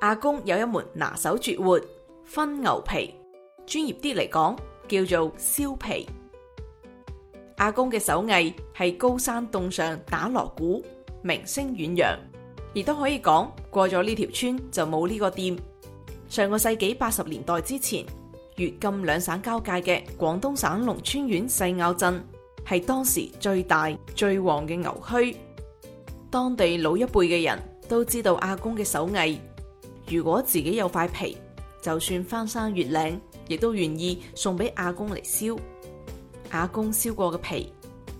阿公有一門拿手絕活，熏牛皮，專業啲嚟講叫做硝皮。阿公嘅手藝係高山崠上打鑼鼓，鳴聲遠揚，亦都可以講過咗呢條村就冇呢個店。上個世紀八十年代之前，粵贛兩省交界嘅廣東省龍川縣細坳鎮係當時最大最旺嘅牛墟，當地老一輩嘅人都知道阿公嘅手藝。如果自己有塊皮，就算翻山越嶺，亦都願意送俾阿公嚟燒。阿公燒過嘅皮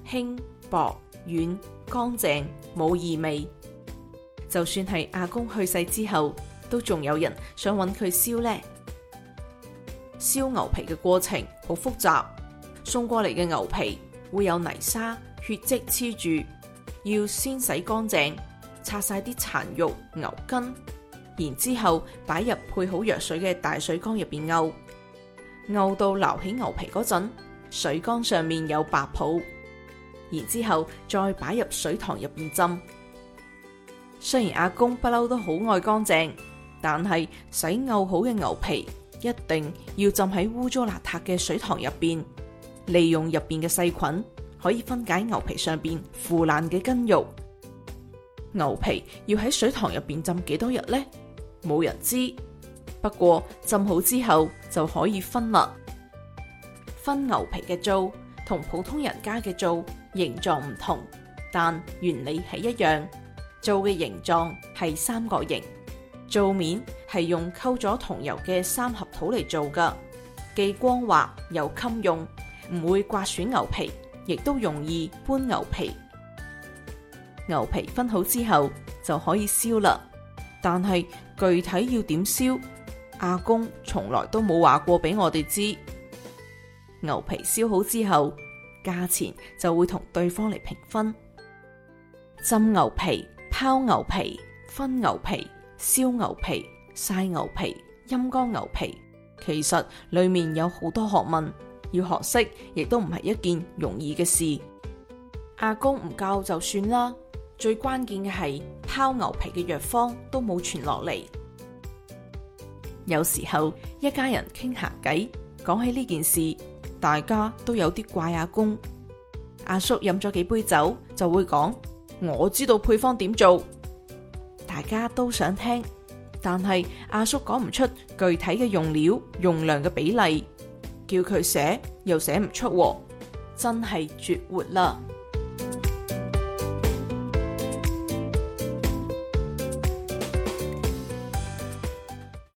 輕薄軟、乾淨，冇異味。就算係阿公去世之後，都仲有人想搵佢燒呢。燒牛皮嘅過程好複雜，送過嚟嘅牛皮會有泥沙、血跡黐住，要先洗乾淨，擦晒啲殘肉、牛筋。然之後擺入配好藥水嘅大水缸入邊漚，漚到撈起牛皮嗰陣，水缸上面有白泡。然之後再擺入水塘入邊浸。雖然阿公不嬲都好愛乾淨，但係洗漚好嘅牛皮一定要浸喺污糟邋遢嘅水塘入邊，利用入邊嘅細菌可以分解牛皮上邊腐爛嘅筋肉。牛皮要喺水塘入邊浸幾多日呢？冇人知。不過浸好之後就可以熏啦。熏牛皮嘅灶同普通人家嘅灶形狀唔同，但原理係一樣。灶嘅形狀係三角形，灶面係用溝咗桐油嘅三合土嚟做噶，既光滑又襟用，唔會刮損牛皮，亦都容易搬牛皮。牛皮熏好之後就可以硝啦，但係具體要點硝，阿公從來都冇話過俾我哋知。牛皮硝好之後，價錢就會同對方嚟平分。浸牛皮、泡牛皮、熏牛皮、硝牛皮、曬牛皮、陰乾牛，牛皮，其實裏面有好多學問要學識，亦都唔係一件容易嘅事。阿公唔教就算啦。最關鍵嘅係泡牛皮嘅藥方都冇傳落嚟。有時候一家人傾下偈，講起呢件事，大家都有啲怪阿公。阿叔飲咗幾杯酒，就會講我知道配方點做，大家都想聽，但係阿叔講唔出具體嘅用料、用量嘅比例，叫佢寫又寫唔出，真係絕活啦。